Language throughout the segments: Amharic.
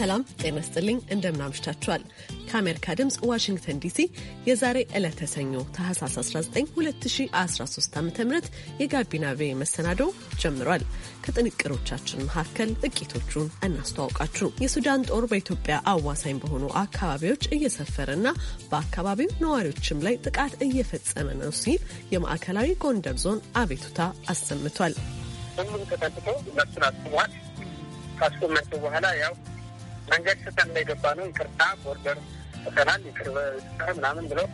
ሰላም ጤና ይስጥልኝ። እንደምናምሽታችኋል። ከአሜሪካ ድምፅ ዋሽንግተን ዲሲ የዛሬ ዕለተ ሰኞ ታህሳስ 19 2013 ዓ ም የጋቢና ቬ መሰናዶ ጀምሯል። ከጥንቅሮቻችን መካከል ጥቂቶቹን እናስተዋውቃችሁ። የሱዳን ጦር በኢትዮጵያ አዋሳኝ በሆኑ አካባቢዎች እየሰፈረና በአካባቢው ነዋሪዎችም ላይ ጥቃት እየፈጸመ ነው ሲል የማዕከላዊ ጎንደር ዞን አቤቱታ አሰምቷል። ሁሉም ተጠቅቶ እነሱን አስሟል። ካስቆመቱ በኋላ ያው መንገድ ስተን ነው የገባ ነው ይቅርታ ቦርደር ፈተናል ይቅር ምናምን ብለው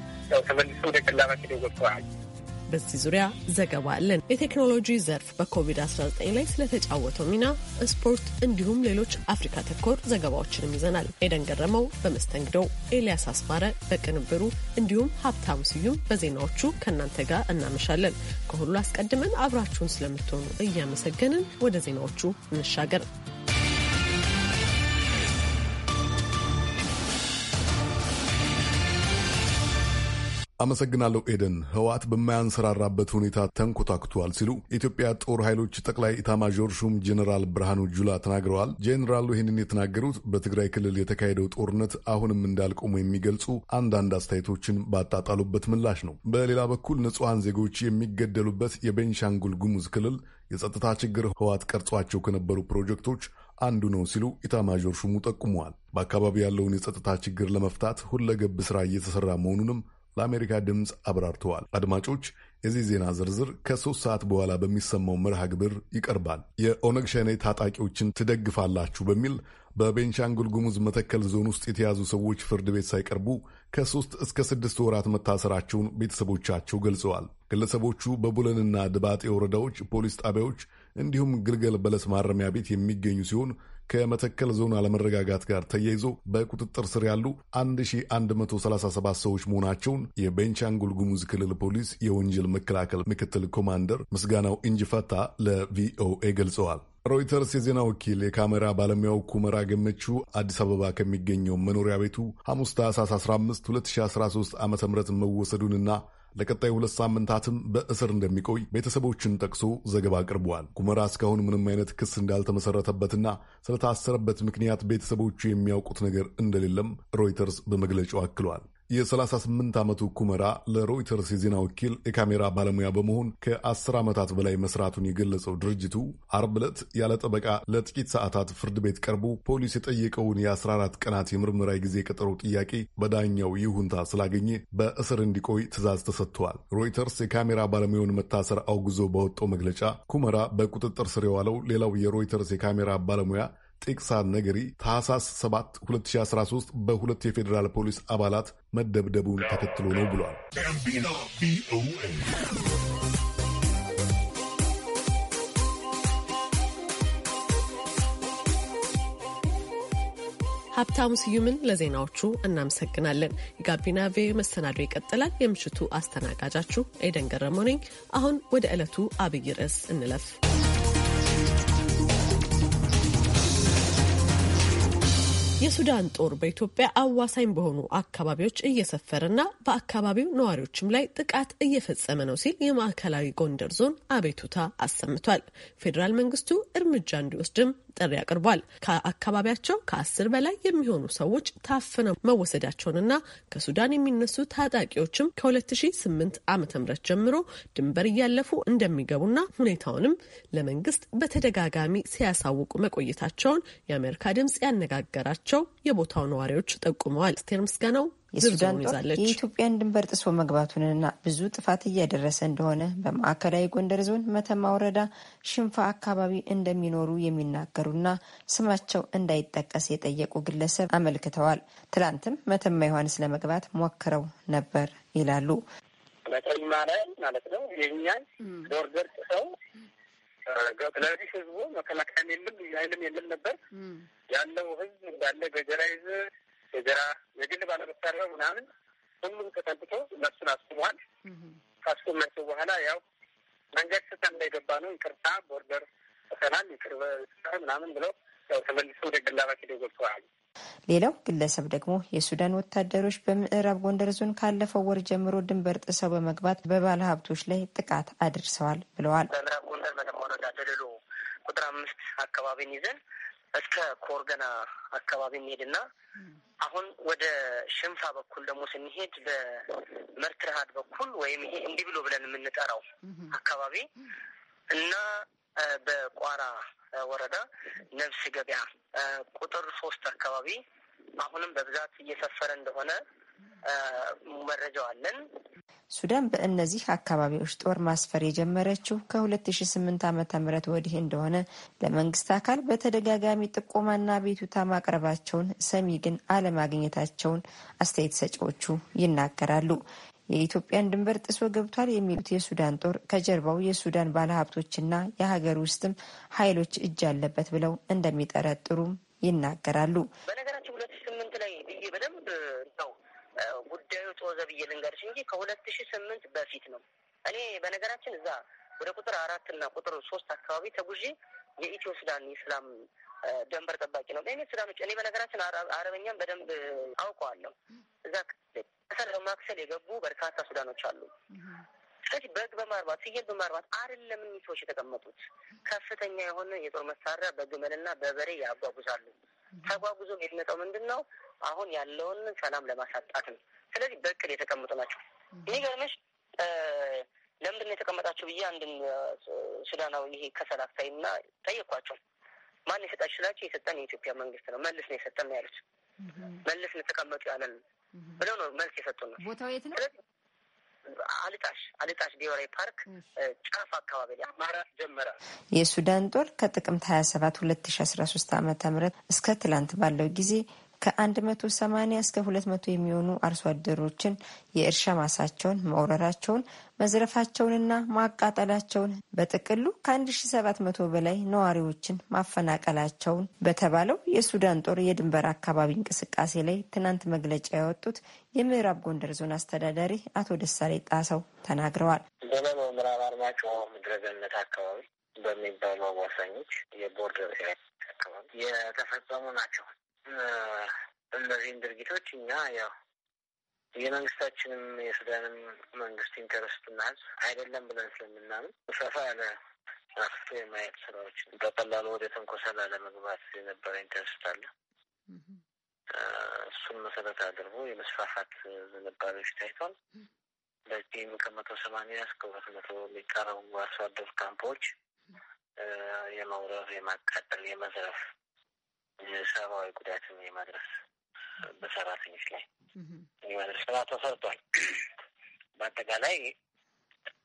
ተመልሶ ወደ ቀላባቸው ገብተዋል። በዚህ ዙሪያ ዘገባ አለን። የቴክኖሎጂ ዘርፍ በኮቪድ-19 ላይ ስለተጫወተው ሚና፣ ስፖርት እንዲሁም ሌሎች አፍሪካ ተኮር ዘገባዎችንም ይዘናል። ኤደን ገረመው በመስተንግዶው፣ ኤልያስ አስማረ በቅንብሩ እንዲሁም ሀብታሙ ስዩም በዜናዎቹ ከእናንተ ጋር እናመሻለን። ከሁሉ አስቀድመን አብራችሁን ስለምትሆኑ እያመሰገንን ወደ ዜናዎቹ እንሻገር። አመሰግናለሁ ኤደን። ህወሓት በማያንሰራራበት ሁኔታ ተንኮታክቷል ሲሉ የኢትዮጵያ ጦር ኃይሎች ጠቅላይ ኢታማዦር ሹም ጀኔራል ብርሃኑ ጁላ ተናግረዋል። ጀኔራሉ ይህንን የተናገሩት በትግራይ ክልል የተካሄደው ጦርነት አሁንም እንዳልቆሙ የሚገልጹ አንዳንድ አስተያየቶችን ባጣጣሉበት ምላሽ ነው። በሌላ በኩል ንጹሐን ዜጎች የሚገደሉበት የቤንሻንጉል ጉሙዝ ክልል የጸጥታ ችግር ህወሓት ቀርጿቸው ከነበሩ ፕሮጀክቶች አንዱ ነው ሲሉ ኢታማዦር ሹሙ ጠቁመዋል። በአካባቢ ያለውን የጸጥታ ችግር ለመፍታት ሁለገብ ስራ እየተሰራ መሆኑንም ለአሜሪካ ድምፅ አብራርተዋል። አድማጮች የዚህ ዜና ዝርዝር ከሶስት ሰዓት በኋላ በሚሰማው መርሃ ግብር ይቀርባል። የኦነግ ሸኔ ታጣቂዎችን ትደግፋላችሁ በሚል በቤንሻንጉል ጉሙዝ መተከል ዞን ውስጥ የተያዙ ሰዎች ፍርድ ቤት ሳይቀርቡ ከሶስት እስከ ስድስት ወራት መታሰራቸውን ቤተሰቦቻቸው ገልጸዋል። ግለሰቦቹ በቡለንና ድባጤ ወረዳዎች ፖሊስ ጣቢያዎች እንዲሁም ግልገል በለስ ማረሚያ ቤት የሚገኙ ሲሆን ከመተከል ዞን አለመረጋጋት ጋር ተያይዞ በቁጥጥር ስር ያሉ 1137 ሰዎች መሆናቸውን የቤንቻንጉል ጉሙዝ ክልል ፖሊስ የወንጀል መከላከል ምክትል ኮማንደር ምስጋናው እንጅፈታ ለቪኦኤ ገልጸዋል። ሮይተርስ የዜና ወኪል የካሜራ ባለሙያው ኩመራ ገመቹ አዲስ አበባ ከሚገኘው መኖሪያ ቤቱ ሐሙስ ታህሳስ 15 2013 ዓ ም መወሰዱንና ለቀጣይ ሁለት ሳምንታትም በእስር እንደሚቆይ ቤተሰቦችን ጠቅሶ ዘገባ አቅርበዋል። ኩመራ እስካሁን ምንም አይነት ክስ እንዳልተመሰረተበትና ስለታሰረበት ምክንያት ቤተሰቦቹ የሚያውቁት ነገር እንደሌለም ሮይተርስ በመግለጫው አክሏል። የ38 ዓመቱ ኩመራ ለሮይተርስ የዜና ወኪል የካሜራ ባለሙያ በመሆን ከ10 ዓመታት በላይ መስራቱን የገለጸው ድርጅቱ አርብ ዕለት ያለ ጠበቃ ለጥቂት ሰዓታት ፍርድ ቤት ቀርቦ ፖሊስ የጠየቀውን የ14 ቀናት የምርመራ ጊዜ ቀጠሮ ጥያቄ በዳኛው ይሁንታ ስላገኘ በእስር እንዲቆይ ትዕዛዝ ተሰጥቷል። ሮይተርስ የካሜራ ባለሙያውን መታሰር አውግዞ ባወጣው መግለጫ ኩመራ በቁጥጥር ስር የዋለው ሌላው የሮይተርስ የካሜራ ባለሙያ ጤቅሳ ነገሪ ታህሳስ 7 2013 በሁለት የፌዴራል ፖሊስ አባላት መደብደቡን ተከትሎ ነው ብሏል። ሀብታሙ ስዩምን ለዜናዎቹ እናመሰግናለን። የጋቢና ቪኦኤ መሰናዶ ይቀጥላል። የምሽቱ አስተናጋጃችሁ ኤደን ገረመ ነኝ። አሁን ወደ ዕለቱ አብይ ርዕስ እንለፍ። የሱዳን ጦር በኢትዮጵያ አዋሳኝ በሆኑ አካባቢዎች እየሰፈረና በአካባቢው ነዋሪዎችም ላይ ጥቃት እየፈጸመ ነው ሲል የማዕከላዊ ጎንደር ዞን አቤቱታ አሰምቷል። ፌዴራል መንግስቱ እርምጃ እንዲወስድም ጥሪ አቅርቧል። ከአካባቢያቸው ከአስር በላይ የሚሆኑ ሰዎች ታፍነው መወሰዳቸውንና ከሱዳን የሚነሱ ታጣቂዎችም ከ2008 ዓ ም ጀምሮ ድንበር እያለፉ እንደሚገቡና ሁኔታውንም ለመንግስት በተደጋጋሚ ሲያሳውቁ መቆየታቸውን የአሜሪካ ድምጽ ያነጋገራቸው የቦታው ነዋሪዎች ጠቁመዋል። ስቴር ምስጋናው የሱዳን ጦር የኢትዮጵያን ድንበር ጥሶ መግባቱንና ብዙ ጥፋት እያደረሰ እንደሆነ በማዕከላዊ ጎንደር ዞን መተማ ወረዳ ሽንፋ አካባቢ እንደሚኖሩ የሚናገሩና ስማቸው እንዳይጠቀስ የጠየቁ ግለሰብ አመልክተዋል። ትላንትም መተማ ዮሐንስ ለመግባት ሞክረው ነበር ይላሉ። መተማ ላይ ማለት ነው የኛን ቦርደር ጥሰው ስለዚህ ህዝቡ መከላከያም የለም ኃይልም የለም ነበር ያለው ህዝብ እንዳለ ገጀራ የገራ የግል ባለመሳሪያው ምናምን ሁሉም ተጠንቅቶ እነሱን አስቁሟል። ካስቆመቸው በኋላ ያው መንገድ ስተ እንዳይገባ ነው ይቅርታ ቦርደር ፈተናል ይቅርበ ምናምን ብለው ያው ተመልሶ ወደ ግላባ ሄደው ገብተዋል። ሌላው ግለሰብ ደግሞ የሱዳን ወታደሮች በምዕራብ ጎንደር ዞን ካለፈው ወር ጀምሮ ድንበር ጥሰው በመግባት በባለ ሀብቶች ላይ ጥቃት አድርሰዋል ብለዋል። በምዕራብ ጎንደር መተማ ወረዳ ቁጥር አምስት አካባቢን ይዘን እስከ ኮርገና አካባቢ እንሄድና አሁን ወደ ሽንፋ በኩል ደግሞ ስንሄድ በመርትርሃድ በኩል ወይም ይሄ እንዲህ ብሎ ብለን የምንጠራው አካባቢ እና በቋራ ወረዳ ነፍስ ገበያ ቁጥር ሶስት አካባቢ አሁንም በብዛት እየሰፈረ እንደሆነ መረጃው አለን። ሱዳን በእነዚህ አካባቢዎች ጦር ማስፈር የጀመረችው ከ2008 ም ወዲህ እንደሆነ ለመንግስት አካል በተደጋጋሚ ጥቆማና ቤቱታ ማቅረባቸውን ሰሚ ግን አለማግኘታቸውን አስተያየት ሰጪዎቹ ይናገራሉ። የኢትዮጵያን ድንበር ጥሶ ገብቷል የሚሉት የሱዳን ጦር ከጀርባው የሱዳን ባለሀብቶችና የሀገር ውስጥም ኃይሎች እጅ አለበት ብለው እንደሚጠረጥሩም ይናገራሉ። በነገራችን ሁለት ስምንት ላይ ብዬ ጉዳዩ ጦዘ ብዬ ልንገርሽ እንጂ ከሁለት ሺ ስምንት በፊት ነው። እኔ በነገራችን እዛ ወደ ቁጥር አራት እና ቁጥር ሶስት አካባቢ ተጉዤ የኢትዮ ሱዳን የሰላም ደንበር ጠባቂ ነው። እኔ ሱዳኖች እኔ በነገራችን አረበኛም በደንብ አውቀዋለሁ። እዛ ከሰር ማክሰል የገቡ በርካታ ሱዳኖች አሉ። ስለዚህ በግ በማርባት ፍየል በማርባት አይደለም እኚህ ሰዎች የተቀመጡት። ከፍተኛ የሆነ የጦር መሳሪያ በግመልና በበሬ ያጓጉዛሉ። ተጓጉዞ የሚመጣው ምንድን ነው? አሁን ያለውን ሰላም ለማሳጣት ነው። ስለዚህ በእቅድ የተቀመጡ ናቸው። የሚገርምሽ ለምንድን ነው የተቀመጣቸው ብዬ አንድን ሱዳናዊ ይሄ ከሰል አክሳይ እና ጠየኳቸው። ማን የሰጣችሁ ስላቸው የሰጠን የኢትዮጵያ መንግስት ነው መልስ ነው የሰጠን ነው ያሉት። መልስ ነው የተቀመጡ ያለን ብለው ነው መልስ የሰጡን ነው። ቦታው የት ነው? አልጣሽ አልጣሽ ብሔራዊ ፓርክ ጫፍ አካባቢ ላይ አማራ ጀመረ። የሱዳን ጦር ከጥቅምት ሀያ ሰባት ሁለት ሺ አስራ ሶስት አመተ ምህረት እስከ ትላንት ባለው ጊዜ ከ180 እስከ 200 የሚሆኑ አርሶ አደሮችን የእርሻ ማሳቸውን መውረራቸውን መዝረፋቸውንና ማቃጠላቸውን በጥቅሉ ከ1700 በላይ ነዋሪዎችን ማፈናቀላቸውን በተባለው የሱዳን ጦር የድንበር አካባቢ እንቅስቃሴ ላይ ትናንት መግለጫ ያወጡት የምዕራብ ጎንደር ዞን አስተዳዳሪ አቶ ደሳሌ ጣሰው ተናግረዋል። በላይ ምዕራብ አርማጭሆ ምድረገነት አካባቢ በሚባሉ አዋሳኞች የቦርደር አካባቢ የተፈጸሙ ናቸው። እነዚህን ድርጊቶች እኛ ያው የመንግስታችንም የሱዳንም መንግስት ኢንተረስትና ህዝብ አይደለም ብለን ስለምናምን ሰፋ ያለ አፍቶ የማየት ስራዎችን በቀላሉ ወደ ተንኮሳ ላለመግባት የነበረ ኢንተረስት አለ። እሱን መሰረት አድርጎ የመስፋፋት ዝንባሌዎች ታይቷል። በዚህም ከመቶ ሰማንያ እስከ ሁለት መቶ የሚቀረቡ አርሶ አደር ካምፖች የመውረር፣ የማቃጠል፣ የመዝረፍ የሰብአዊ ጉዳትን የማድረስ በሰራተኞች ላይ የማድረስ ስራ ተሰርቷል። በአጠቃላይ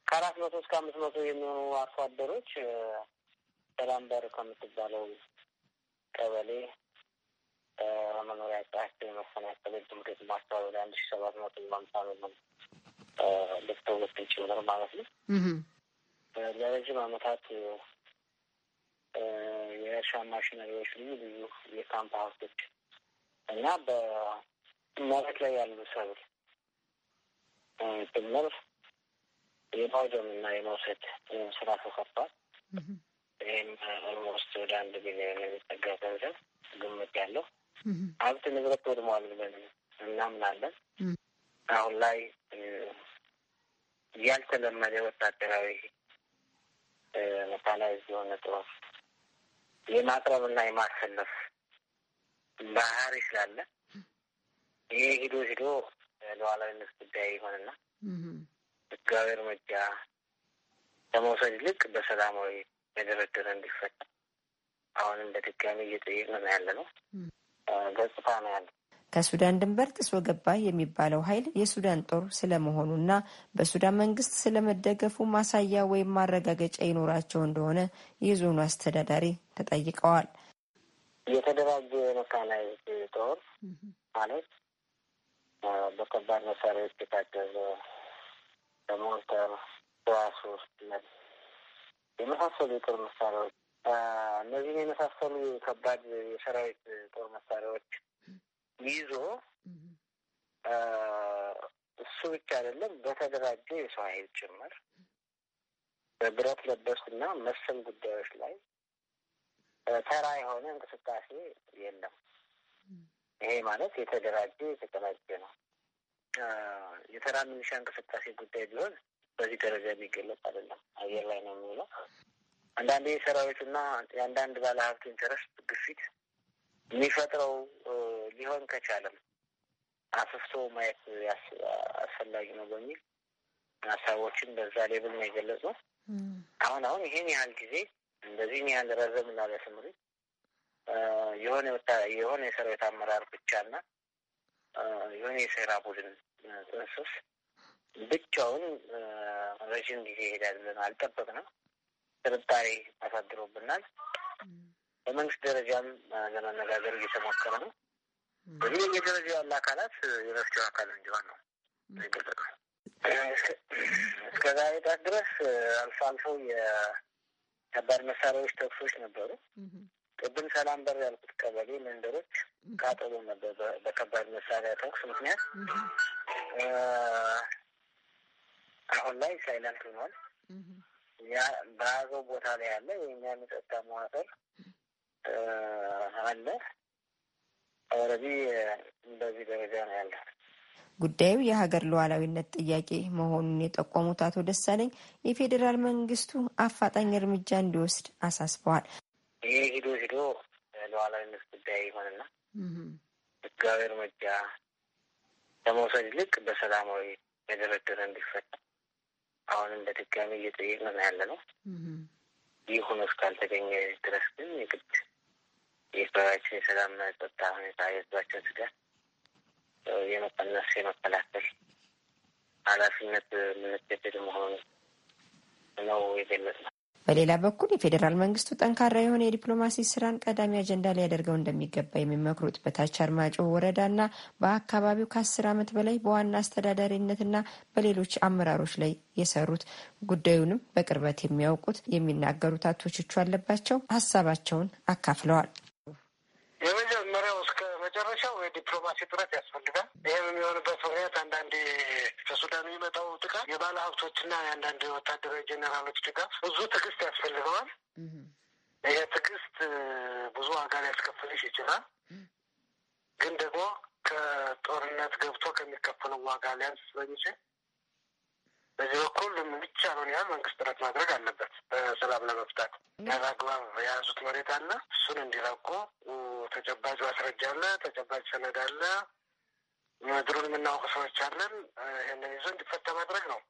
ከአራት መቶ እስከ አምስት መቶ የሚሆኑ አርሶ አደሮች ሰላምበር ከምትባለው ቀበሌ መኖሪያ ጣቸው የመፈናቀል ድምገት ማስተባበል አንድ ሺ ሰባት መቶ ሃምሳ ሚሊዮን ልትወስድ ችምር ማለት ነው። ለረዥም አመታት የእርሻ ማሽነሪዎች፣ ልዩ ልዩ የካምፕ ሀብቶች እና በመሬት ላይ ያሉ ሰብል ጭምር የማውደም እና የመውሰድ ስራ ተሰርቷል። ይህም ኦልሞስት ወደ አንድ ሚሊዮን የሚጠጋ ገንዘብ ግምት ያለው ሀብት ንብረት ወድሟል ብለን እናምናለን። አሁን ላይ ያልተለመደ ወታደራዊ መካላዊ የሆነ ጦር የማቅረብና የማሰለፍ ባህሪ ስላለ ይሄ ሂዶ ሂዶ ለዋላዊነት ጉዳይ ይሆንና ህጋዊ እርምጃ ለመውሰድ ይልቅ በሰላማዊ የደረደረ እንዲፈታ አሁንም በድጋሚ እየጠየቅን ነው ያለ ነው። ገጽታ ነው ያለ ከሱዳን ድንበር ጥሶ ገባ የሚባለው ኃይል የሱዳን ጦር ስለመሆኑና በሱዳን መንግስት ስለመደገፉ ማሳያ ወይም ማረጋገጫ ይኖራቸው እንደሆነ የዞኑ አስተዳዳሪ ተጠይቀዋል። የተደራጀ መካናይዝድ ጦር ማለት በከባድ መሳሪያዎች የታገዘ በሞርተር ዋሱ የመሳሰሉ የጦር መሳሪያዎች እነዚህን የመሳሰሉ ከባድ የሰራዊት ጦር መሳሪያዎች ይዞ እሱ ብቻ አይደለም፣ በተደራጀ የሰው ኃይል ጭምር በብረት ለበስና መሰል ጉዳዮች ላይ ተራ የሆነ እንቅስቃሴ የለም። ይሄ ማለት የተደራጀ የተቀናጀ ነው። የተራ ሚሊሻ እንቅስቃሴ ጉዳይ ቢሆን በዚህ ደረጃ የሚገለጽ አይደለም። አየር ላይ ነው የሚውለው። አንዳንድ የሰራዊቱና የአንዳንድ ባለሀብት ኢንተረስት ግፊት የሚፈጥረው ሊሆን ከቻለም አስፍቶ ማየት አስፈላጊ ነው በሚል ሀሳቦችን በዛ ሌብል ነው የገለጹ። አሁን አሁን ይህን ያህል ጊዜ እንደዚህን ያህል ረዘም ላለ ስምሪት የሆነ የሆነ የሰራዊት አመራር ብቻና የሆነ የሴራ ቡድን ጥንስስ ብቻውን ረዥም ጊዜ ይሄዳል ብለን አልጠበቅንም። ጥርጣሬ አሳድሮብናል። በመንግስት ደረጃም ለመነጋገር እየተሞከረ ነው። በዚህ የደረጃ ያለ አካላት የመፍትሄው አካል እንዲሆን ነው እስከ ዛሬ ጣት ድረስ አልፎ አልፎ የከባድ መሳሪያዎች ተኩሶች ነበሩ። ቅድም ሰላም በር ያልኩት ቀበሌ መንደሮች ቃጠሎ ነበር በከባድ መሳሪያ ተኩስ ምክንያት። አሁን ላይ ሳይለንት ሆኗል። እኛ በያዘው ቦታ ላይ ያለ የእኛ የጸጥታ መዋቅር አለ። ኦልሬዲ እንደዚህ ደረጃ ነው ያለ። ጉዳዩ የሀገር ሉዓላዊነት ጥያቄ መሆኑን የጠቆሙት አቶ ደሳለኝ የፌዴራል መንግስቱ አፋጣኝ እርምጃ እንዲወስድ አሳስበዋል። ይህ ሂዶ ሂዶ ሉዓላዊነት ጉዳይ ይሆንና ህጋዊ እርምጃ ለመውሰድ ይልቅ በሰላማዊ የደረደረ እንዲፈታ አሁንም በድጋሚ እየጠየቅን ያለ ነው። ይህ ሆኖ እስካልተገኘ ድረስ ግን የግድ የህዝባችን የሰላምና ጸጥታ ሁኔታ የህዝባችን ስጋት የመቀነስ የመከላከል ኃላፊነት የምንገደድ መሆኑ ነው የገለጽ ነው። በሌላ በኩል የፌዴራል መንግስቱ ጠንካራ የሆነ የዲፕሎማሲ ስራን ቀዳሚ አጀንዳ ሊያደርገው እንደሚገባ የሚመክሩት በታች አርማጭሆ ወረዳና በአካባቢው ከአስር ዓመት በላይ በዋና አስተዳዳሪነትና በሌሎች አመራሮች ላይ የሰሩት ጉዳዩንም በቅርበት የሚያውቁት የሚናገሩት አቶ ቹቹ አለባቸው ሀሳባቸውን አካፍለዋል። ከመጀመሪያው እስከ መጨረሻው የዲፕሎማሲ ጥረት ያስፈልጋል። ይህም የሚሆንበት ምክንያት አንዳንድ ከሱዳን የሚመጣው ድጋፍ፣ የባለ ሀብቶችና የአንዳንድ ወታደራዊ ጄኔራሎች ድጋፍ ብዙ ትዕግስት ያስፈልገዋል። ይሄ ትዕግስት ብዙ ዋጋ ሊያስከፍልሽ ይችላል። ግን ደግሞ ከጦርነት ገብቶ ከሚከፈለው ዋጋ ሊያንስ ስለሚችል በዚህ በኩል የሚቻለውን ያህል መንግስት ጥረት ማድረግ አለበት። በሰላም ለመፍታት ያለአግባብ የያዙት መሬት አለ። እሱን እንዲለቁ ተጨባጭ ማስረጃ አለ፣ ተጨባጭ ሰነድ አለ። ምድሩን የምናውቅ ሰዎች አለን። ይህንን ይዞ እንዲፈታ ማድረግ ነው።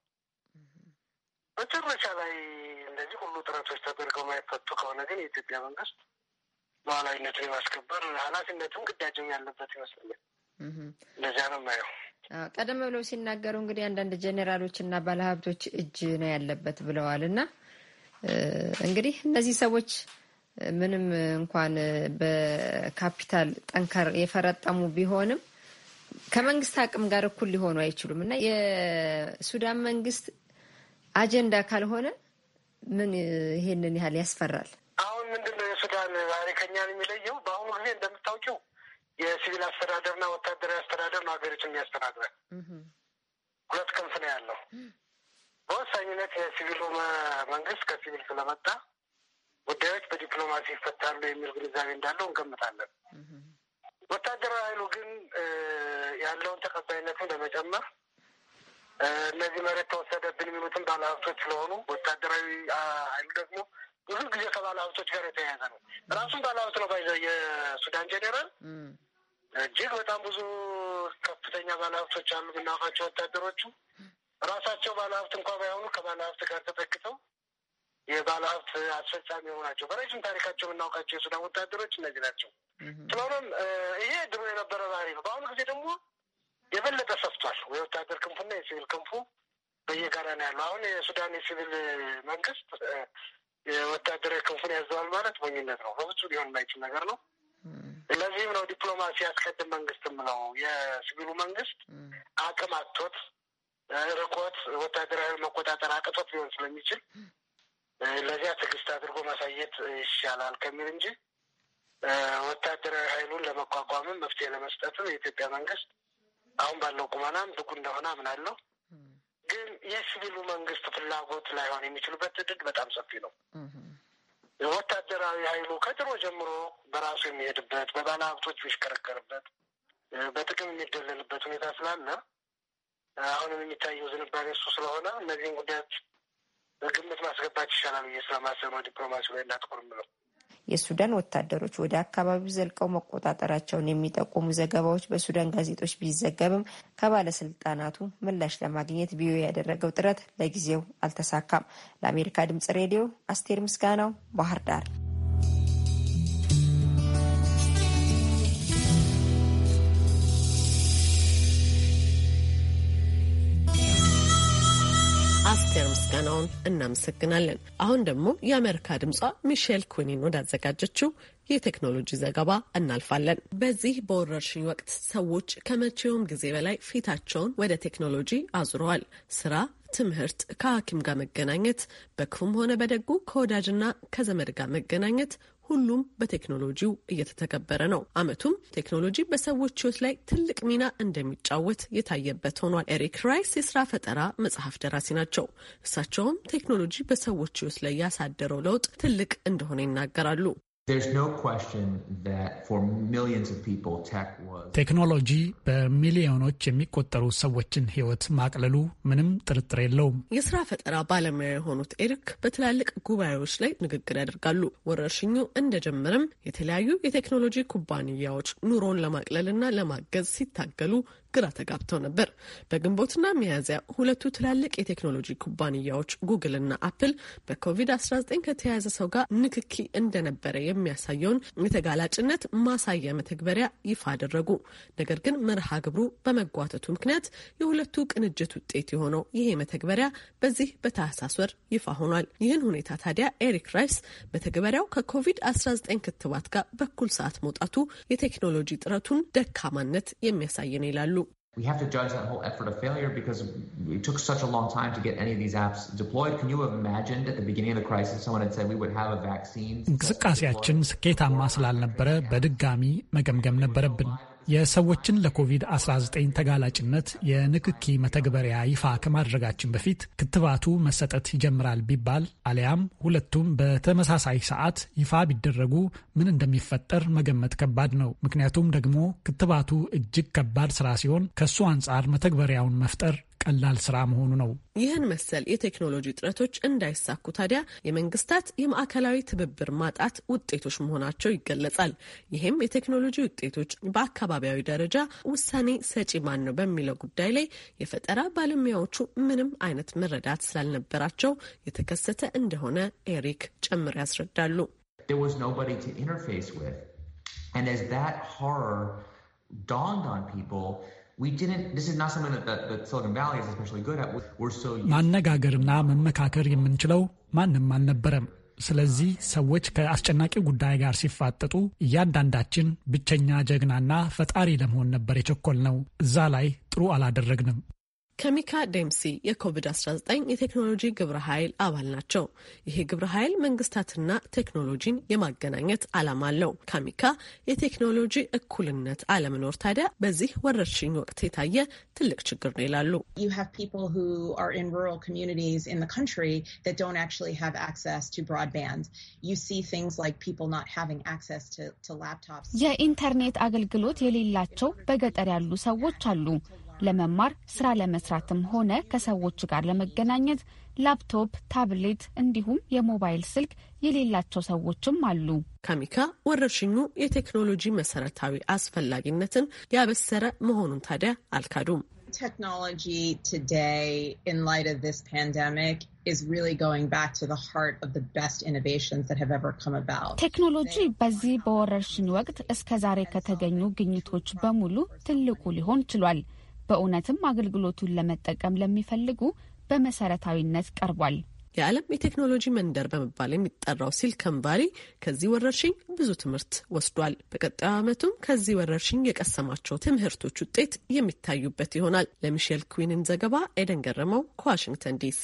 መጨረሻ ላይ እንደዚህ ሁሉ ጥረቶች ተደርገው ማይፈቱ ከሆነ ግን የኢትዮጵያ መንግስት ሉዓላዊነቱን የማስከበር ኃላፊነቱም ግዳጅም ያለበት ይመስለኛል። እንደዚያ ነው የማየው። ቀደም ብለው ሲናገሩ እንግዲህ አንዳንድ ጄኔራሎች እና ባለሀብቶች እጅ ነው ያለበት ብለዋል እና እንግዲህ እነዚህ ሰዎች ምንም እንኳን በካፒታል ጠንከር የፈረጠሙ ቢሆንም ከመንግስት አቅም ጋር እኩል ሊሆኑ አይችሉም እና የሱዳን መንግስት አጀንዳ ካልሆነ ምን ይሄንን ያህል ያስፈራል? አሁን ምንድን ነው የሱዳን ታሪከኛን የሚለየው በአሁኑ ጊዜ እንደምታውቂው የሲቪል አስተዳደርና ወታደራዊ አስተዳደር ነው ሀገሪቱ የሚያስተዳድረን። ሁለት ክንፍ ነው ያለው። በወሳኝነት የሲቪሉ መንግስት ከሲቪል ስለመጣ ጉዳዮች በዲፕሎማሲ ይፈታሉ የሚል ግንዛቤ እንዳለው እንገምታለን። ወታደራዊ ኃይሉ ግን ያለውን ተቀባይነትን ለመጨመር እነዚህ መሬት ተወሰደብን የሚሉትን ባለሀብቶች ስለሆኑ ወታደራዊ ኃይሉ ደግሞ ብዙ ጊዜ ከባለሀብቶች ጋር የተያያዘ ነው። ራሱን ባለሀብት ነው ባይዘ የሱዳን ጄኔራል እጅግ በጣም ብዙ ከፍተኛ ባለሀብቶች አሉ። ብናፋቸው ወታደሮቹ ራሳቸው ባለሀብት እንኳ ባይሆኑ ከባለሀብት ጋር ተጠቅተው የባለሀብት አስፈጻሚ ናቸው በረጅም ታሪካቸው የምናውቃቸው የሱዳን ወታደሮች እነዚህ ናቸው። ስለሆነም ይሄ ድሮ የነበረ ባህሪ ነው። በአሁኑ ጊዜ ደግሞ የበለጠ ሰፍቷል። የወታደር ክንፉና የሲቪል ክንፉ በየጋራ ነው ያለው። አሁን የሱዳን የሲቪል መንግስት የወታደራዊ ክንፉን ያዘዋል ማለት ሞኝነት ነው። በብዙ ሊሆን የማይችል ነገር ነው። ለዚህም ነው ዲፕሎማሲ ያስቀድም መንግስትም ነው የሲቪሉ መንግስት አቅም አቶት ርቆት ወታደራዊ መቆጣጠር አቅቶት ሊሆን ስለሚችል ለዚያ ትዕግስት አድርጎ ማሳየት ይሻላል ከሚል እንጂ ወታደራዊ ኃይሉን ለመቋቋምም መፍትሄ ለመስጠትም የኢትዮጵያ መንግስት አሁን ባለው ቁመናም ብቁ እንደሆነ አምናለሁ። ግን የሲቪሉ መንግስት ፍላጎት ላይሆን የሚችሉበት እድል በጣም ሰፊ ነው። ወታደራዊ ኃይሉ ከድሮ ጀምሮ በራሱ የሚሄድበት በባለ ሀብቶች የሚሽከረከርበት በጥቅም የሚደለልበት ሁኔታ ስላለ አሁንም የሚታየው ዝንባሌ እሱ ስለሆነ እነዚህን ጉዳዮች በግምት ማስገባት ይሻላል ብዬ ስለማሰብ ነው ዲፕሎማሲ ላይ እናተኩር የምለው። የሱዳን ወታደሮች ወደ አካባቢው ዘልቀው መቆጣጠራቸውን የሚጠቁሙ ዘገባዎች በሱዳን ጋዜጦች ቢዘገብም ከባለስልጣናቱ ምላሽ ለማግኘት ቪኦኤ ያደረገው ጥረት ለጊዜው አልተሳካም። ለአሜሪካ ድምጽ ሬዲዮ አስቴር ምስጋናው ባህር ዳር ምስጋናውን እናመሰግናለን። አሁን ደግሞ የአሜሪካ ድምጿ ሚሼል ኩኒን ወዳዘጋጀችው የቴክኖሎጂ ዘገባ እናልፋለን። በዚህ በወረርሽኝ ወቅት ሰዎች ከመቼውም ጊዜ በላይ ፊታቸውን ወደ ቴክኖሎጂ አዙረዋል። ስራ፣ ትምህርት፣ ከሐኪም ጋር መገናኘት፣ በክፉም ሆነ በደጉ ከወዳጅና ከዘመድ ጋር መገናኘት ሁሉም በቴክኖሎጂው እየተተገበረ ነው። አመቱም ቴክኖሎጂ በሰዎች ህይወት ላይ ትልቅ ሚና እንደሚጫወት የታየበት ሆኗል። ኤሪክ ራይስ የስራ ፈጠራ መጽሐፍ ደራሲ ናቸው። እሳቸውም ቴክኖሎጂ በሰዎች ህይወት ላይ ያሳደረው ለውጥ ትልቅ እንደሆነ ይናገራሉ። ቴክኖሎጂ በሚሊዮኖች የሚቆጠሩ ሰዎችን ሕይወት ማቅለሉ ምንም ጥርጥር የለውም። የስራ ፈጠራ ባለሙያ የሆኑት ኤሪክ በትላልቅ ጉባኤዎች ላይ ንግግር ያደርጋሉ። ወረርሽኙ እንደጀመረም የተለያዩ የቴክኖሎጂ ኩባንያዎች ኑሮን ለማቅለልና ለማገዝ ሲታገሉ ግራ ተጋብተው ነበር። በግንቦትና ሚያዝያ ሁለቱ ትላልቅ የቴክኖሎጂ ኩባንያዎች ጉግል አፕል በኮቪድ-19 ከተያያዘ ሰው ጋር ንክኪ እንደነበረ የሚያሳየውን የተጋላጭነት ማሳያ መተግበሪያ ይፋ አደረጉ። ነገር ግን መርሃ ግብሩ በመጓተቱ ምክንያት የሁለቱ ቅንጅት ውጤት የሆነው ይሄ መተግበሪያ በዚህ በታህሳስ ወር ይፋ ሆኗል። ይህን ሁኔታ ታዲያ ኤሪክ ራይስ መተግበሪያው ከኮቪድ-19 ክትባት ጋር በኩል ሰዓት መውጣቱ የቴክኖሎጂ ጥረቱን ደካማነት የሚያሳይ ነው ይላሉ። we have to judge that whole effort a failure because it took such a long time to get any of these apps deployed. Can you have imagined at the beginning of the crisis someone had said we would have a vaccine? እንቅስቃሴያችን ስኬታማ ስላልነበረ በድጋሚ መገምገም ነበረብን። የሰዎችን ለኮቪድ-19 ተጋላጭነት የንክኪ መተግበሪያ ይፋ ከማድረጋችን በፊት ክትባቱ መሰጠት ይጀምራል ቢባል አሊያም ሁለቱም በተመሳሳይ ሰዓት ይፋ ቢደረጉ ምን እንደሚፈጠር መገመት ከባድ ነው። ምክንያቱም ደግሞ ክትባቱ እጅግ ከባድ ስራ ሲሆን ከእሱ አንጻር መተግበሪያውን መፍጠር ቀላል ስራ መሆኑ ነው። ይህን መሰል የቴክኖሎጂ ጥረቶች እንዳይሳኩ ታዲያ የመንግስታት የማዕከላዊ ትብብር ማጣት ውጤቶች መሆናቸው ይገለጻል። ይህም የቴክኖሎጂ ውጤቶች በአካባቢያዊ ደረጃ ውሳኔ ሰጪ ማን ነው በሚለው ጉዳይ ላይ የፈጠራ ባለሙያዎቹ ምንም አይነት መረዳት ስላልነበራቸው የተከሰተ እንደሆነ ኤሪክ ጨምር ያስረዳሉ። And as that horror dawned on people, ማነጋገርና መመካከር የምንችለው ማንም አልነበረም። ስለዚህ ሰዎች ከአስጨናቂ ጉዳይ ጋር ሲፋጠጡ እያንዳንዳችን ብቸኛ ጀግናና ፈጣሪ ለመሆን ነበር የቸኮል ነው። እዛ ላይ ጥሩ አላደረግንም። ከሚካ ዴምሲ የኮቪድ-19 የቴክኖሎጂ ግብረ ኃይል አባል ናቸው። ይሄ ግብረ ኃይል መንግስታትና ቴክኖሎጂን የማገናኘት ዓላማ አለው። ከሚካ የቴክኖሎጂ እኩልነት አለመኖር ታዲያ በዚህ ወረርሽኝ ወቅት የታየ ትልቅ ችግር ነው ይላሉ። የኢንተርኔት አገልግሎት የሌላቸው በገጠር ያሉ ሰዎች አሉ። ለመማር ስራ ለመስራትም ሆነ ከሰዎች ጋር ለመገናኘት ላፕቶፕ፣ ታብሌት እንዲሁም የሞባይል ስልክ የሌላቸው ሰዎችም አሉ። ካሚካ ወረርሽኙ የቴክኖሎጂ መሰረታዊ አስፈላጊነትን ያበሰረ መሆኑን ታዲያ አልካዱም። technology today in light of this pandemic is really going back to the heart of the best innovations that have ever come about. ቴክኖሎጂ በዚህ በወረርሽኝ ወቅት እስከ ዛሬ ከተገኙ ግኝቶች በሙሉ ትልቁ ሊሆን ችሏል። በእውነትም አገልግሎቱን ለመጠቀም ለሚፈልጉ በመሰረታዊነት ቀርቧል። የዓለም የቴክኖሎጂ መንደር በመባል የሚጠራው ሲልከን ቫሊ ከዚህ ወረርሽኝ ብዙ ትምህርት ወስዷል። በቀጣዩ ዓመቱም ከዚህ ወረርሽኝ የቀሰማቸው ትምህርቶች ውጤት የሚታዩበት ይሆናል። ለሚሼል ኩዊንን ዘገባ ኤደን ገረመው ከዋሽንግተን ዲሲ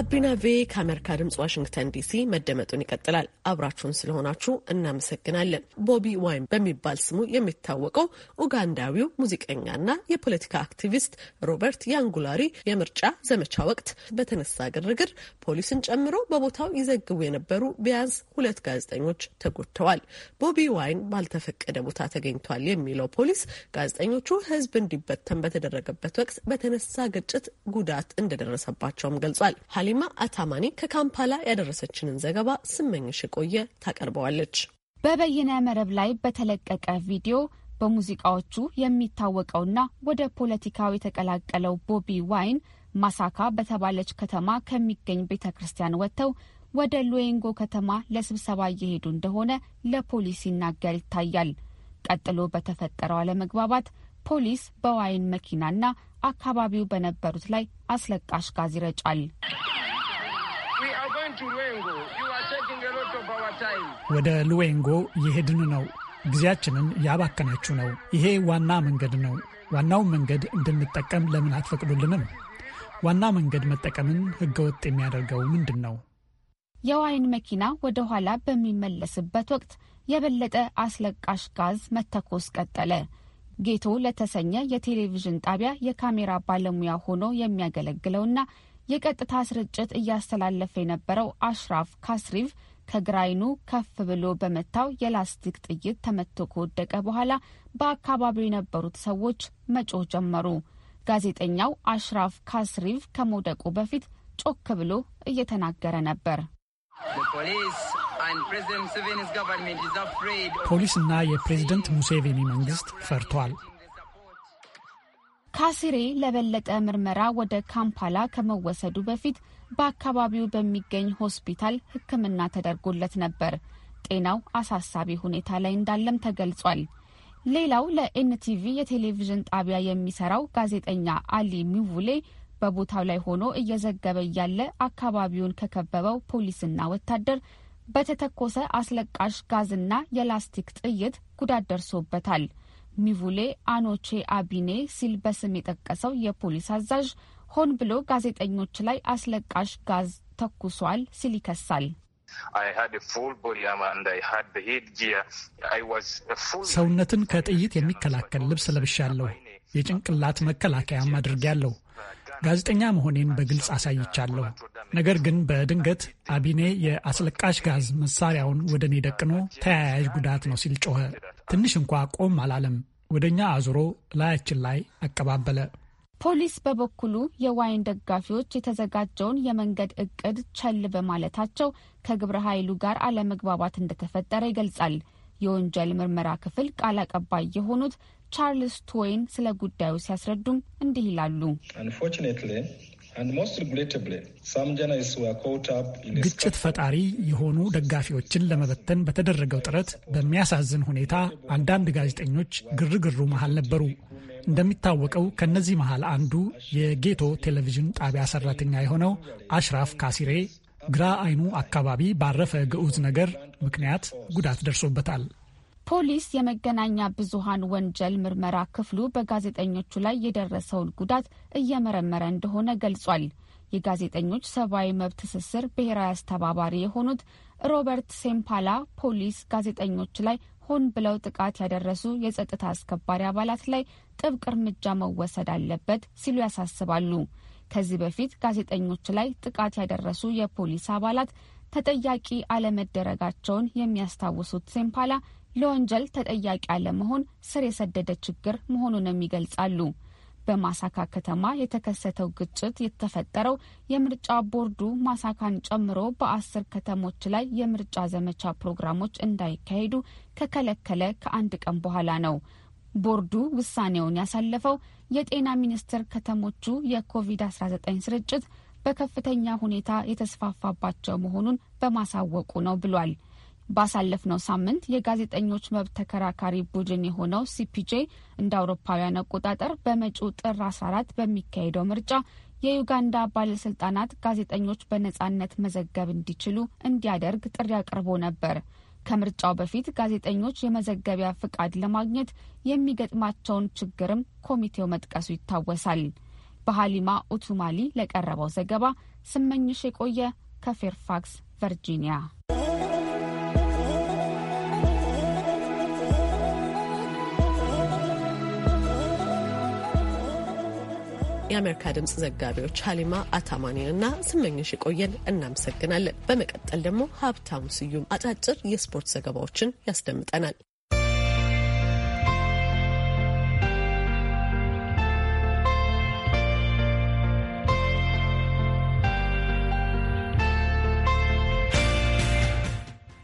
ጋቢና ቬ ከአሜሪካ ድምጽ ዋሽንግተን ዲሲ መደመጡን ይቀጥላል። አብራችሁን ስለሆናችሁ እናመሰግናለን። ቦቢ ዋይን በሚባል ስሙ የሚታወቀው ኡጋንዳዊው ሙዚቀኛና የፖለቲካ አክቲቪስት ሮበርት ያንጉላሪ የምርጫ ዘመቻ ወቅት በተነሳ ግርግር ፖሊስን ጨምሮ በቦታው ይዘግቡ የነበሩ ቢያንስ ሁለት ጋዜጠኞች ተጎድተዋል። ቦቢ ዋይን ባልተፈቀደ ቦታ ተገኝቷል የሚለው ፖሊስ ጋዜጠኞቹ ሕዝብ እንዲበተን በተደረገበት ወቅት በተነሳ ግጭት ጉዳት እንደደረሰባቸውም ገልጿል። ሃሊማ አታማኒ ከካምፓላ ያደረሰችንን ዘገባ ስመኝሽ የቆየ ታቀርበዋለች። በበይነ መረብ ላይ በተለቀቀ ቪዲዮ በሙዚቃዎቹ የሚታወቀውና ወደ ፖለቲካው የተቀላቀለው ቦቢ ዋይን ማሳካ በተባለች ከተማ ከሚገኝ ቤተ ክርስቲያን ወጥተው ወደ ሉዌንጎ ከተማ ለስብሰባ እየሄዱ እንደሆነ ለፖሊስ ሲናገር ይታያል። ቀጥሎ በተፈጠረው አለመግባባት ፖሊስ በዋይን መኪናና አካባቢው በነበሩት ላይ አስለቃሽ ጋዝ ይረጫል። ወደ ሉዌንጎ እየሄድን ነው። ጊዜያችንን ያባከናችሁ ነው። ይሄ ዋና መንገድ ነው። ዋናውን መንገድ እንድንጠቀም ለምን አትፈቅዱልንም? ዋና መንገድ መጠቀምን ህገወጥ የሚያደርገው ምንድን ነው? የዋይን መኪና ወደ ኋላ በሚመለስበት ወቅት የበለጠ አስለቃሽ ጋዝ መተኮስ ቀጠለ። ጌቶ ለተሰኘ የቴሌቪዥን ጣቢያ የካሜራ ባለሙያ ሆኖ የሚያገለግለውና የቀጥታ ስርጭት እያስተላለፈ የነበረው አሽራፍ ካስሪቭ ከግራይኑ ከፍ ብሎ በመታው የላስቲክ ጥይት ተመቶ ከወደቀ በኋላ በአካባቢው የነበሩት ሰዎች መጮህ ጀመሩ። ጋዜጠኛው አሽራፍ ካስሪቭ ከመውደቁ በፊት ጮክ ብሎ እየተናገረ ነበር። ፖሊስና የፕሬዝደንት ሙሴቬኒ መንግስት ፈርቷል። ካሲሬ ለበለጠ ምርመራ ወደ ካምፓላ ከመወሰዱ በፊት በአካባቢው በሚገኝ ሆስፒታል ሕክምና ተደርጎለት ነበር። ጤናው አሳሳቢ ሁኔታ ላይ እንዳለም ተገልጿል። ሌላው ለኤንቲቪ የቴሌቪዥን ጣቢያ የሚሰራው ጋዜጠኛ አሊ ሚውሌ በቦታው ላይ ሆኖ እየዘገበ እያለ አካባቢውን ከከበበው ፖሊስና ወታደር በተተኮሰ አስለቃሽ ጋዝና የላስቲክ ጥይት ጉዳት ደርሶበታል። ሚቡሌ አኖቼ አቢኔ ሲል በስም የጠቀሰው የፖሊስ አዛዥ ሆን ብሎ ጋዜጠኞች ላይ አስለቃሽ ጋዝ ተኩሷል ሲል ይከሳል። ሰውነትን ከጥይት የሚከላከል ልብስ ለብሻለሁ። የጭንቅላት መከላከያም አድርጌያለሁ። ጋዜጠኛ መሆኔን በግልጽ አሳይቻለሁ። ነገር ግን በድንገት አቢኔ የአስለቃሽ ጋዝ መሳሪያውን ወደ እኔ ደቅኖ ተያያዥ ጉዳት ነው ሲል ጮኸ። ትንሽ እንኳ ቆም አላለም። ወደ እኛ አዙሮ ላያችን ላይ አቀባበለ። ፖሊስ በበኩሉ የዋይን ደጋፊዎች የተዘጋጀውን የመንገድ እቅድ ቸል በማለታቸው ከግብረ ኃይሉ ጋር አለመግባባት እንደተፈጠረ ይገልጻል። የወንጀል ምርመራ ክፍል ቃል አቀባይ የሆኑት ቻርልስ ቶይን ስለ ጉዳዩ ሲያስረዱም እንዲህ ይላሉ። ግጭት ፈጣሪ የሆኑ ደጋፊዎችን ለመበተን በተደረገው ጥረት በሚያሳዝን ሁኔታ አንዳንድ ጋዜጠኞች ግርግሩ መሃል ነበሩ። እንደሚታወቀው ከእነዚህ መሃል አንዱ የጌቶ ቴሌቪዥን ጣቢያ ሰራተኛ የሆነው አሽራፍ ካሲሬ ግራ አይኑ አካባቢ ባረፈ ግዑዝ ነገር ምክንያት ጉዳት ደርሶበታል። ፖሊስ የመገናኛ ብዙሃን ወንጀል ምርመራ ክፍሉ በጋዜጠኞቹ ላይ የደረሰውን ጉዳት እየመረመረ እንደሆነ ገልጿል። የጋዜጠኞች ሰብአዊ መብት ትስስር ብሔራዊ አስተባባሪ የሆኑት ሮበርት ሴምፓላ ፖሊስ ጋዜጠኞች ላይ ሆን ብለው ጥቃት ያደረሱ የጸጥታ አስከባሪ አባላት ላይ ጥብቅ እርምጃ መወሰድ አለበት ሲሉ ያሳስባሉ። ከዚህ በፊት ጋዜጠኞች ላይ ጥቃት ያደረሱ የፖሊስ አባላት ተጠያቂ አለመደረጋቸውን የሚያስታውሱት ሴምፓላ ለወንጀል ተጠያቂ አለመሆን ስር የሰደደ ችግር መሆኑንም ይገልጻሉ። በማሳካ ከተማ የተከሰተው ግጭት የተፈጠረው የምርጫ ቦርዱ ማሳካን ጨምሮ በአስር ከተሞች ላይ የምርጫ ዘመቻ ፕሮግራሞች እንዳይካሄዱ ከከለከለ ከአንድ ቀን በኋላ ነው። ቦርዱ ውሳኔውን ያሳለፈው የጤና ሚኒስቴር ከተሞቹ የኮቪድ-19 ስርጭት በከፍተኛ ሁኔታ የተስፋፋባቸው መሆኑን በማሳወቁ ነው ብሏል። ባሳለፍነው ሳምንት የጋዜጠኞች መብት ተከራካሪ ቡድን የሆነው ሲፒጄ እንደ አውሮፓውያን አቆጣጠር በመጪው ጥር 14 በሚካሄደው ምርጫ የዩጋንዳ ባለስልጣናት ጋዜጠኞች በነጻነት መዘገብ እንዲችሉ እንዲያደርግ ጥሪ አቅርቦ ነበር። ከምርጫው በፊት ጋዜጠኞች የመዘገቢያ ፍቃድ ለማግኘት የሚገጥማቸውን ችግርም ኮሚቴው መጥቀሱ ይታወሳል። በሀሊማ ኡቱማሊ ለቀረበው ዘገባ ስመኝሽ የቆየ ከፌርፋክስ ቨርጂኒያ የአሜሪካ ድምፅ ዘጋቢዎች ሀሊማ አታማኒን እና ስመኝሽ የቆየን እናመሰግናለን። በመቀጠል ደግሞ ሀብታሙ ስዩም አጫጭር የስፖርት ዘገባዎችን ያስደምጠናል።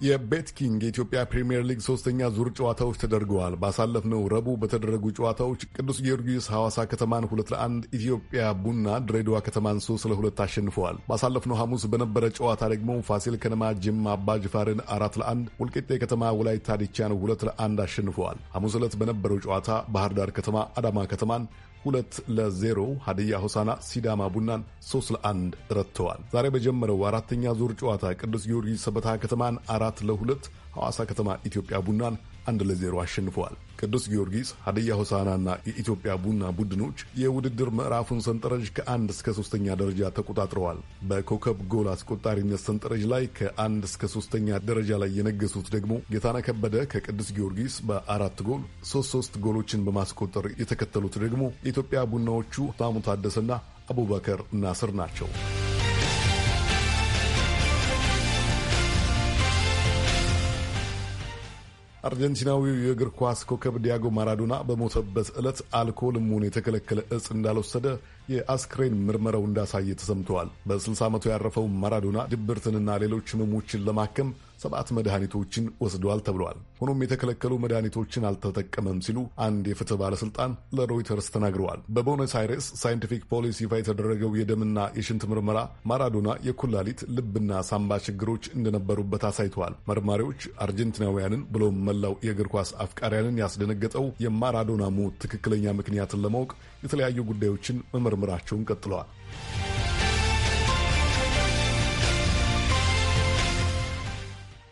የቤትኪንግ የኢትዮጵያ ፕሪምየር ሊግ ሶስተኛ ዙር ጨዋታዎች ተደርገዋል። ባሳለፍነው ረቡዕ በተደረጉ ጨዋታዎች ቅዱስ ጊዮርጊስ ሐዋሳ ከተማን ሁለት ለአንድ፣ ኢትዮጵያ ቡና ድሬዳዋ ከተማን ሶስት ለሁለት አሸንፈዋል። ባሳለፍነው ሐሙስ በነበረ ጨዋታ ደግሞ ፋሲል ከነማ ጅማ አባጅፋርን አራት ለአንድ፣ ወልቂጤ ከተማ ወላይታ ዲቻን ሁለት ለአንድ አሸንፈዋል። ሐሙስ ዕለት በነበረው ጨዋታ ባህር ዳር ከተማ አዳማ ከተማን ሁለት ለዜሮ ሀዲያ ሆሳና ሲዳማ ቡናን ሶስት ለአንድ ረትተዋል። ዛሬ በጀመረው አራተኛ ዙር ጨዋታ ቅዱስ ጊዮርጊስ ሰበታ ከተማን አራት ለሁለት ሐዋሳ ከተማ ኢትዮጵያ ቡናን አንድ ለዜሮ አሸንፈዋል። ቅዱስ ጊዮርጊስ፣ ሀድያ ሆሳናና የኢትዮጵያ ቡና ቡድኖች የውድድር ምዕራፉን ሰንጠረዥ ከአንድ እስከ ሶስተኛ ደረጃ ተቆጣጥረዋል። በኮከብ ጎል አስቆጣሪነት ሰንጠረዥ ላይ ከአንድ እስከ ሶስተኛ ደረጃ ላይ የነገሱት ደግሞ ጌታነ ከበደ ከቅዱስ ጊዮርጊስ በአራት ጎል ሶስት ሶስት ጎሎችን በማስቆጠር የተከተሉት ደግሞ የኢትዮጵያ ቡናዎቹ ታሙ ታደሰና አቡበከር ናስር ናቸው። አርጀንቲናዊው የእግር ኳስ ኮከብ ዲያጎ ማራዶና በሞተበት ዕለት አልኮል ሆነ የተከለከለ እጽ እንዳልወሰደ የአስክሬን ምርመራው እንዳሳየ ተሰምተዋል። በ60 ዓመቱ ያረፈው ማራዶና ድብርትንና ሌሎች ህመሞችን ለማከም ሰባት መድኃኒቶችን ወስደዋል ተብሏል። ሆኖም የተከለከሉ መድኃኒቶችን አልተጠቀመም ሲሉ አንድ የፍትህ ባለሥልጣን ለሮይተርስ ተናግረዋል። በቦነስ አይረስ ሳይንቲፊክ ፖሊስ ይፋ የተደረገው የደምና የሽንት ምርመራ ማራዶና የኩላሊት ልብና ሳምባ ችግሮች እንደነበሩበት አሳይተዋል። መርማሪዎች አርጀንቲናውያንን ብሎም መላው የእግር ኳስ አፍቃሪያንን ያስደነገጠው የማራዶና ሞት ትክክለኛ ምክንያትን ለማወቅ የተለያዩ ጉዳዮችን መመርመራቸውን ቀጥለዋል።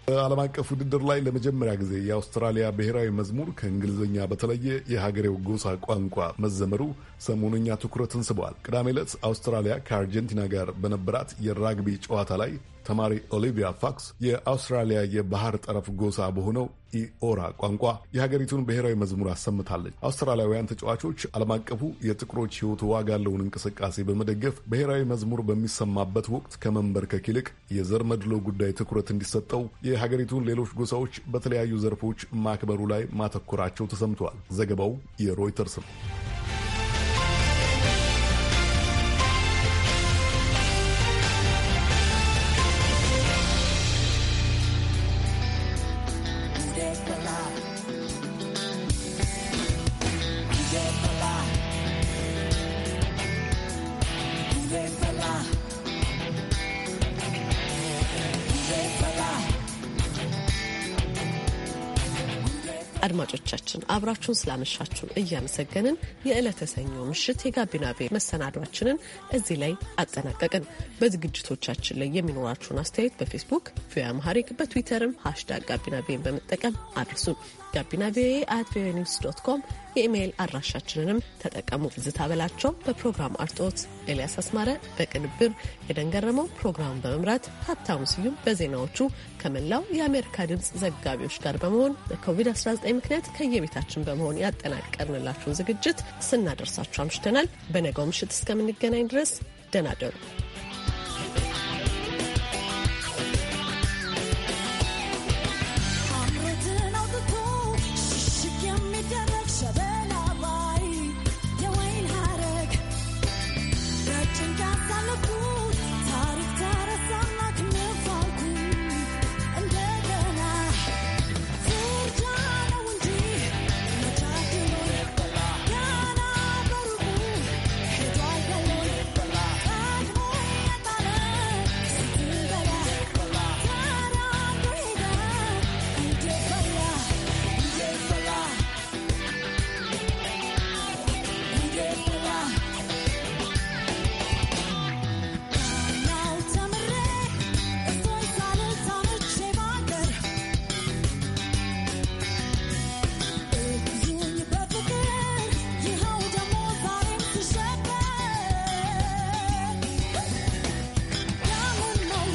በዓለም አቀፍ ውድድር ላይ ለመጀመሪያ ጊዜ የአውስትራሊያ ብሔራዊ መዝሙር ከእንግሊዝኛ በተለየ የሀገሬው ጎሳ ቋንቋ መዘመሩ ሰሞኑኛ ትኩረትን ስበዋል። ቅዳሜ ዕለት አውስትራሊያ ከአርጀንቲና ጋር በነበራት የራግቢ ጨዋታ ላይ ተማሪ ኦሊቪያ ፋክስ የአውስትራሊያ የባህር ጠረፍ ጎሳ በሆነው ኢኦራ ቋንቋ የሀገሪቱን ብሔራዊ መዝሙር አሰምታለች። አውስትራሊያውያን ተጫዋቾች ዓለም አቀፉ የጥቁሮች ሕይወት ዋጋ ያለውን እንቅስቃሴ በመደገፍ ብሔራዊ መዝሙር በሚሰማበት ወቅት ከመንበርከክ ይልቅ የዘር መድሎ ጉዳይ ትኩረት እንዲሰጠው የሀገሪቱን ሌሎች ጎሳዎች በተለያዩ ዘርፎች ማክበሩ ላይ ማተኮራቸው ተሰምተዋል። ዘገባው የሮይተርስ ነው። አድማጮቻችን አብራችሁን ስላመሻችሁ እያመሰገንን የዕለተ ሰኞ ምሽት የጋቢና ቤ መሰናዷችንን እዚህ ላይ አጠናቀቅን። በዝግጅቶቻችን ላይ የሚኖራችሁን አስተያየት በፌስቡክ ቪኦኤ አማሪክ በትዊተርም ሀሽታግ ጋቢና ቤን በመጠቀም አድርሱን። ጋቢና ቪኦኤ አት ቪኦኤ ኒውስ ዶት ኮም የኢሜይል አድራሻችንንም ተጠቀሙ። ዝታ በላቸው በፕሮግራም አርቶት፣ ኤልያስ አስማረ በቅንብር የደንገረመው ፕሮግራም በመምራት ሀብታሙ ስዩም በዜናዎቹ ከመላው የአሜሪካ ድምፅ ዘጋቢዎች ጋር በመሆን በኮቪድ-19 ምክንያት ከየቤታችን በመሆን ያጠናቀርንላችሁን ዝግጅት ስናደርሳችሁ አምሽተናል። በነገው ምሽት እስከምንገናኝ ድረስ ደናደሩ።